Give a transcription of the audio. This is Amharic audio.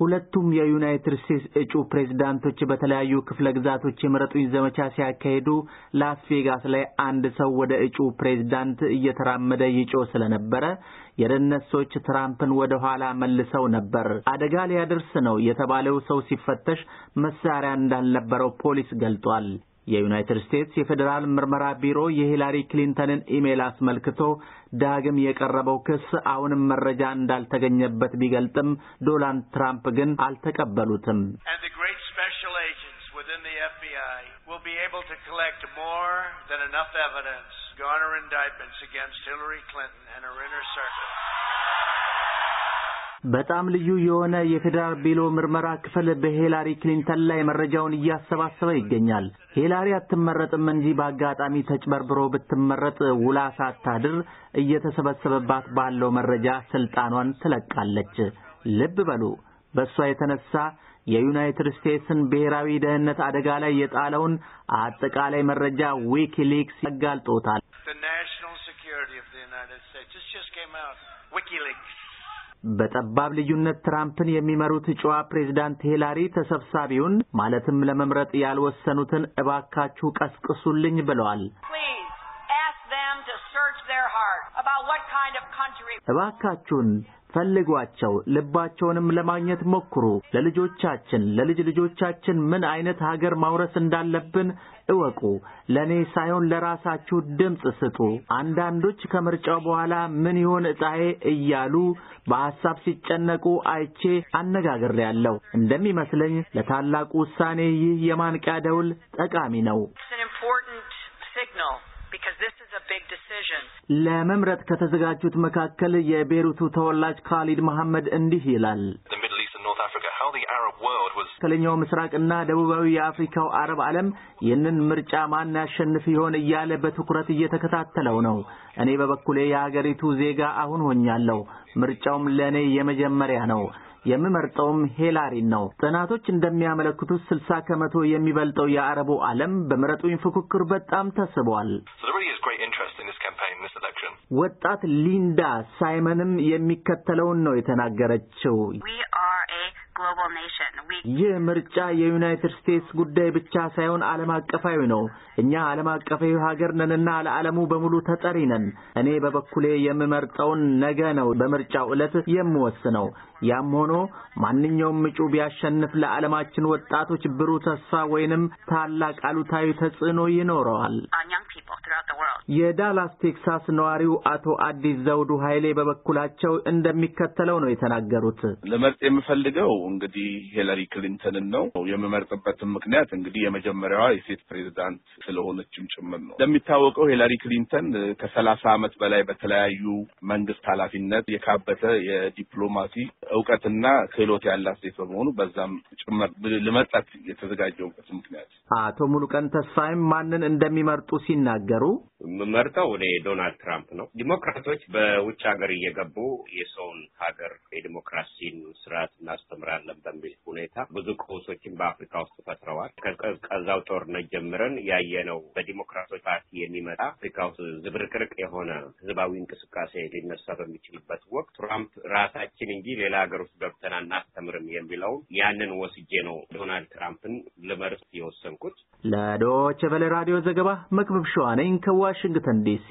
ሁለቱም የዩናይትድ ስቴትስ እጩ ፕሬዝዳንቶች በተለያዩ ክፍለ ግዛቶች የምረጡኝ ዘመቻ ሲያካሂዱ ላስ ቬጋስ ላይ አንድ ሰው ወደ እጩ ፕሬዝዳንት እየተራመደ ይጮህ ስለነበረ የደህንነት ሰዎች ትራምፕን ወደ ኋላ መልሰው ነበር። አደጋ ሊያደርስ ነው የተባለው ሰው ሲፈተሽ መሳሪያ እንዳልነበረው ፖሊስ ገልጧል። የዩናይትድ ስቴትስ የፌዴራል ምርመራ ቢሮ የሂላሪ ክሊንተንን ኢሜይል አስመልክቶ ዳግም የቀረበው ክስ አሁንም መረጃ እንዳልተገኘበት ቢገልጥም ዶናልድ ትራምፕ ግን አልተቀበሉትም። ሞር ዘን ኢነፍ ኤቪደንስ ጋርነር ኢንዳይትመንትስ በጣም ልዩ የሆነ የፌዴራል ቢሮ ምርመራ ክፍል በሂላሪ ክሊንተን ላይ መረጃውን እያሰባሰበ ይገኛል። ሂላሪ አትመረጥም እንጂ በአጋጣሚ ተጭበርብሮ ብትመረጥ ውላ ሳታድር እየተሰበሰበባት ባለው መረጃ ስልጣኗን ትለቃለች። ልብ በሉ። በእሷ የተነሳ የዩናይትድ ስቴትስን ብሔራዊ ደህንነት አደጋ ላይ የጣለውን አጠቃላይ መረጃ ዊኪሊክስ ያጋልጦታል። በጠባብ ልዩነት ትራምፕን የሚመሩት እጩዋ ፕሬዚዳንት ሂላሪ ተሰብሳቢውን ማለትም ለመምረጥ ያልወሰኑትን እባካችሁ ቀስቅሱልኝ ብለዋል። እባካችሁን ፈልጓቸው፣ ልባቸውንም ለማግኘት ሞክሩ። ለልጆቻችን ለልጅ ልጆቻችን ምን አይነት ሀገር ማውረስ እንዳለብን እወቁ። ለእኔ ሳይሆን ለራሳችሁ ድምፅ ስጡ። አንዳንዶች ከምርጫው በኋላ ምን ይሆን ዕጣዬ እያሉ በሐሳብ ሲጨነቁ አይቼ አነጋግሬያለሁ። እንደሚመስለኝ ለታላቁ ውሳኔ ይህ የማንቂያ ደውል ጠቃሚ ነው። ለመምረጥ ከተዘጋጁት መካከል የቤሩቱ ተወላጅ ካሊድ መሐመድ እንዲህ ይላል። መካከለኛው ምስራቅና ደቡባዊ የአፍሪካው አረብ ዓለም ይህንን ምርጫ ማን ያሸንፍ ይሆን እያለ በትኩረት እየተከታተለው ነው። እኔ በበኩሌ የሀገሪቱ ዜጋ አሁን ሆኛለሁ። ምርጫውም ለእኔ የመጀመሪያ ነው። የምመርጠውም ሄላሪን ነው። ጥናቶች እንደሚያመለክቱት ስልሳ ከመቶ የሚበልጠው የአረቡ ዓለም በምረጡኝ ፉክክር በጣም ተስቧል። ወጣት ሊንዳ ሳይመንም የሚከተለውን ነው የተናገረችው። ይህ ምርጫ የዩናይትድ ስቴትስ ጉዳይ ብቻ ሳይሆን ዓለም አቀፋዊ ነው። እኛ ዓለም አቀፋዊ ሀገር ነንና ለዓለሙ በሙሉ ተጠሪ ነን። እኔ በበኩሌ የምመርጠውን ነገ ነው በምርጫው ዕለት የምወስነው። ያም ሆኖ ማንኛውም እጩ ቢያሸንፍ ለዓለማችን ወጣቶች ብሩህ ተስፋ ወይንም ታላቅ አሉታዊ ተጽዕኖ ይኖረዋል። የዳላስ ቴክሳስ ነዋሪው አቶ አዲስ ዘውዱ ኃይሌ በበኩላቸው እንደሚከተለው ነው የተናገሩት። ልመርጥ የምፈልገው እንግዲህ ሂለሪ ክሊንተንን ነው። የምመርጥበትም ምክንያት እንግዲህ የመጀመሪያዋ የሴት ፕሬዚዳንት ስለሆነችም ጭምር ነው። እንደሚታወቀው ሂለሪ ክሊንተን ከሰላሳ ዓመት በላይ በተለያዩ መንግስት ኃላፊነት የካበተ የዲፕሎማሲ እውቀትና ክህሎት ያላት ሴት በመሆኑ በዛም ጭምር ልመርጣት የተዘጋጀውበት ምክንያት አቶ ሙሉቀን ተስፋይም ማንን እንደሚመርጡ ሲናገሩ የምመርጠው ወደ ዶናልድ ትራምፕ ነው። ዲሞክራቶች በውጭ ሀገር እየገቡ የሰውን ሀገር የዲሞክራሲን ስርዓት እናስተምራለን በሚል ሁኔታ ብዙ ቀውሶችን በአፍሪካ ውስጥ ፈጥረዋል። ከቀዝቃዛው ጦርነት ጀምረን ያየነው በዲሞክራቶች ፓርቲ የሚመጣ አፍሪካ ውስጥ ዝብርቅርቅ የሆነ ህዝባዊ እንቅስቃሴ ሊነሳ በሚችልበት ወቅት ትራምፕ ራሳችን እንጂ ሌላ ሀገር ውስጥ ገብተን አናስተምርም የሚለውን ያንን ወስጄ ነው ዶናልድ ትራምፕን ልመርጥ የወሰንኩት። ለዶይቼ ቬለ ራዲዮ ዘገባ መክብብ ሸዋነኝ ከዋ ዋሽንግተን ዲሲ